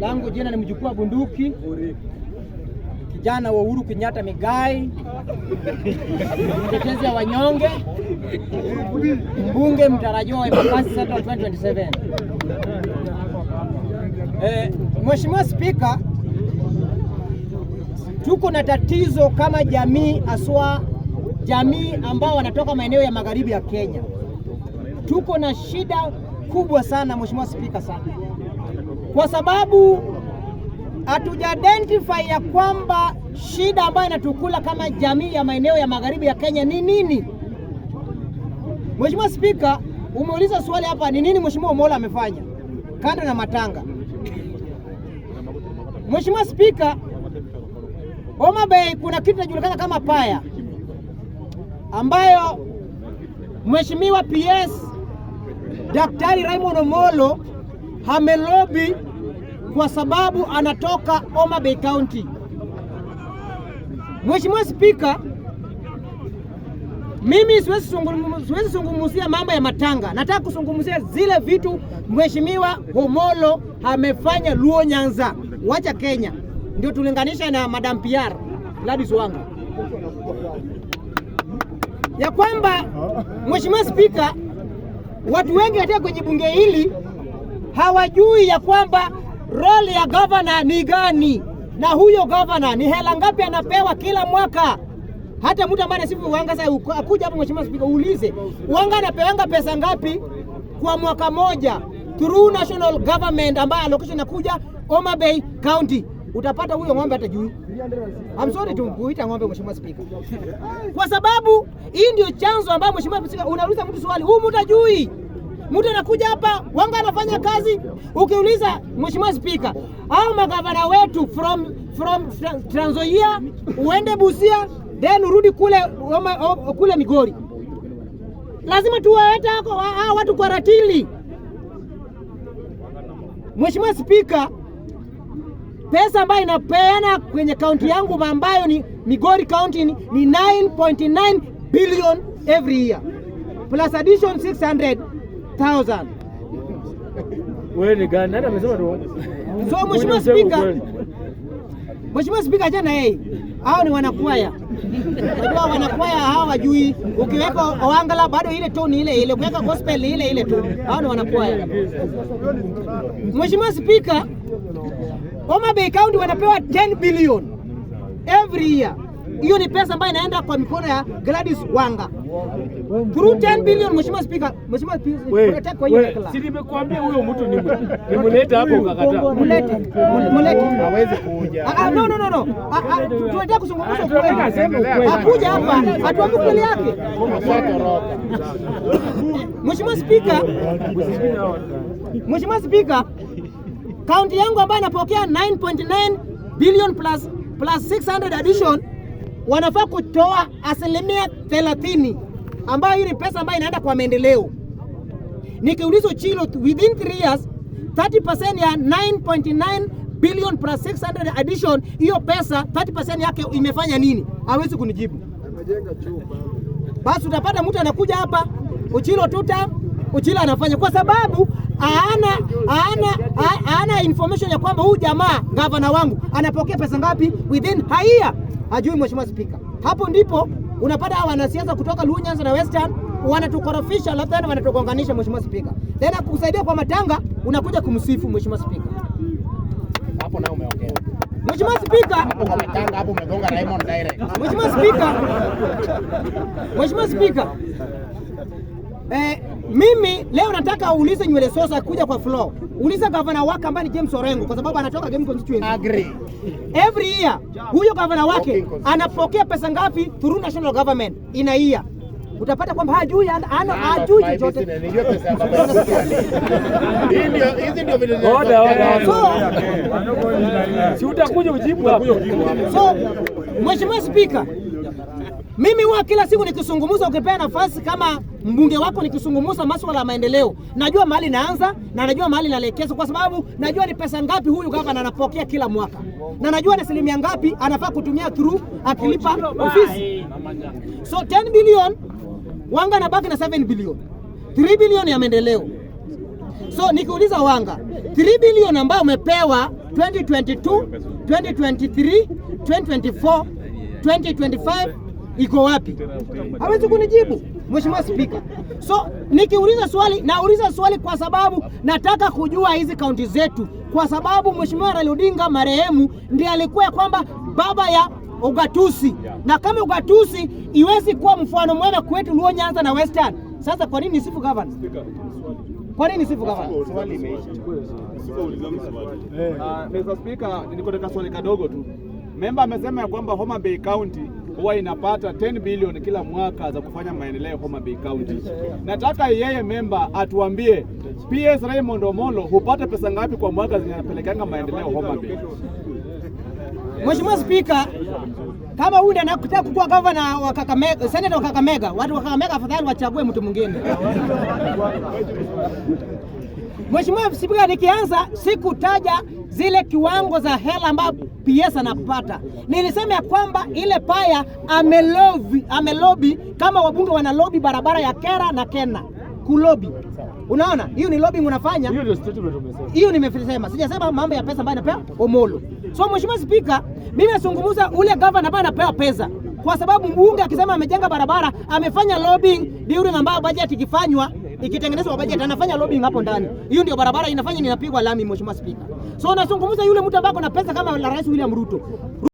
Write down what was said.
langu jina ni mjukuu wa bunduki kijana wa Uhuru Kenyatta Migai, mtetezi ya wanyonge, mbunge mtarajiwa wa Embakasi Central 2027. Eh, Mheshimiwa Spika, tuko na tatizo kama jamii, aswa jamii ambao wanatoka maeneo ya magharibi ya Kenya. Tuko na shida kubwa sana Mheshimiwa Spika sana kwa sababu hatuja identify ya kwamba shida ambayo inatukula kama jamii ya maeneo ya magharibi ya Kenya ni nini. Mheshimiwa Spika, umeuliza swali hapa, ni nini Mheshimiwa Omola amefanya kando na matanga? Mheshimiwa Spika, Homa Bay kuna kitu kinajulikana kama paya ambayo Mheshimiwa PS Daktari Raymond Omolo hamelobi kwa sababu anatoka Homa Bay County. Mheshimiwa Spika, mimi siwezi siwezi zungumzia mambo ya matanga, nataka kuzungumzia zile vitu Mheshimiwa homolo amefanya Luo Nyanza, wacha Kenya, ndio tulinganisha na Madam PR Gladys Wanga ya kwamba Mheshimiwa Spika, watu wengi hata kwenye bunge hili hawajui ya kwamba role ya governor ni gani, na huyo governor ni hela ngapi anapewa kila mwaka. Hata mtu ambaye anasifu uanga sasa akuja hapo, mheshimiwa Spika, uulize uanga anapewanga pesa ngapi kwa mwaka moja through national government, ambaye allocation inakuja Homa Bay County utapata huyo ng'ombe atajui. I'm sorry tumkuita ng'ombe, mheshimiwa Spika, kwa sababu hii ndio chanzo ambayo, mheshimiwa Spika, unauliza mtu swali, huyu mtu ajui mtu anakuja hapa wanga anafanya kazi. Ukiuliza mheshimiwa spika, au magavana wetu from, from Trans Nzoia uende Busia then urudi kule kule Migori, lazima tuwaeta hao watu kwa ratili. Mheshimiwa Spika, pesa ambayo inapeana kwenye kaunti yangu ambayo ni Migori County ni 9.9 billion every year plus addition 600 thousand. Wewe ni gani? Nani amesema tu? So Mheshimiwa Spika, Mheshimiwa Spika, jana yeye hao ni wanakwaya. Unajua wanakwaya hao wajui, ukiweka Owangala bado ile toni ile ile, ukiweka gospel ile ile tu, hao ni wanakwaya. Mheshimiwa Spika, Homa Bay County wanapewa 10 billion every year hiyo ni pesa ambayo inaenda kwa mikono ya Gladys Wanga through 10 billion. Mheshimiwa Spika, Mheshimiwa Spika, kwa hiyo si nimekuambia huyo mtu ni mlete hapo, ukakataa mlete mlete, hawezi kuja. Ah, ah, no no no no, ah, ah, tunataka kuzungumza kwa kweli, akuja hapa atuambie kweli yake. Mheshimiwa Spika, Mheshimiwa Spika, kaunti yangu ambayo inapokea 9.9 billion plus plus 600 addition wanafaa kutoa asilimia thelathini ambayo hili pesa ambayo inaenda kwa maendeleo. Nikiulizo Chilo, within 3 years 30% ya 9.9 billion plus 600 addition, hiyo pesa 30% yake imefanya nini? Hawezi kunijibu. Basi utapata mtu anakuja hapa Uchilo tuta Uchilo anafanya kwa sababu haana haana information ya kwamba huyu jamaa gavana wangu anapokea pesa ngapi within haia hajui mheshimiwa spika. Hapo ndipo unapata hawa wanasiasa kutoka Luhyanza na Western wanatukorofisha, labda wanatugonganisha mheshimiwa spika, tena kusaidia kwa matanga, unakuja kumsifu mheshimiwa spika. Hapo nao umeongea Mheshimiwa Spika, Mheshimiwa Spika, Mheshimiwa Spika, eh mimi leo nataka uulize nywele sosa kuja kwa flow. Uliza gavana wake ambaye ni James Orengo kwa sababu anatoka Game Constituency. Agree. Every year huyo gavana wake anapokea pesa ngapi through national government in a year? Utapata kwamba hajui ana ah, hajui chochote. Si utakuja ujibu hapo. So, Mheshimiwa Speaker, mimi huwa kila siku nikizungumza ukipea nafasi kama mbunge wako nikizungumza masuala ya maendeleo, najua mahali naanza na najua mahali naelekeza, kwa sababu najua ni pesa ngapi huyu gavana anapokea kila mwaka na najua ni asilimia ngapi anafaa kutumia through akilipa ofisi. So 10 billion Wanga anabaki na 7 billion, 3 billion ya maendeleo. So nikiuliza Wanga, 3 billion ambayo umepewa 2022, 2023, 2024, 2025 iko wapi? Hawezi kunijibu. Mheshimiwa Spika, so nikiuliza swali nauliza swali kwa sababu nataka kujua hizi kaunti zetu, kwa sababu Mheshimiwa Raila Odinga marehemu ndiye alikuwa ya kwamba baba ya ugatusi na kama ugatusi iwezi kuwa mfano mwema kwetu Luo, Nyanza na Western. Sasa kwa nini sifu governor? Kwa nini sifu governor? Eh. Ah, Mr. Speaker, niko swali kadogo tu. Memba amesema ya kwamba Homa Bay County huwa inapata 10 bilioni kila mwaka za kufanya maendeleo Homa Bay County. Nataka yeye memba atuambie PS Raymond Omolo hupata pesa ngapi kwa mwaka zinapelekanga maendeleo Homa Bay? Mheshimiwa Spika, kama huyu anataka kuwa gavana wa Kakamega, seneta wa Kakamega, watu wa Kakamega afadhali wachague mtu mwingine. Mheshimiwa Spika, nikianza sikutaja zile kiwango za hela ambayo PS anapata. Nilisema ya kwamba ile paya amelobi, amelobi kama wabunge wanalobi barabara ya Kera na Kena kulobi. Unaona, hiyo ni lobbying unafanya. Hiyo nimesema, sijasema mambo ya pesa ambayo anapewa Omolo. So mheshimiwa Spika, mimi nazungumza ule governor ambaye anapewa pesa kwa sababu mbunge akisema amejenga barabara amefanya lobbying during ambayo budget ikifanywa ikitengenezwa budget anafanya lobbying hapo ndani. Hiyo ndio barabara inafanya ninapigwa lami, mheshimiwa Spika. So nazungumza yule mtu ambaye ana pesa kama la Rais William Ruto.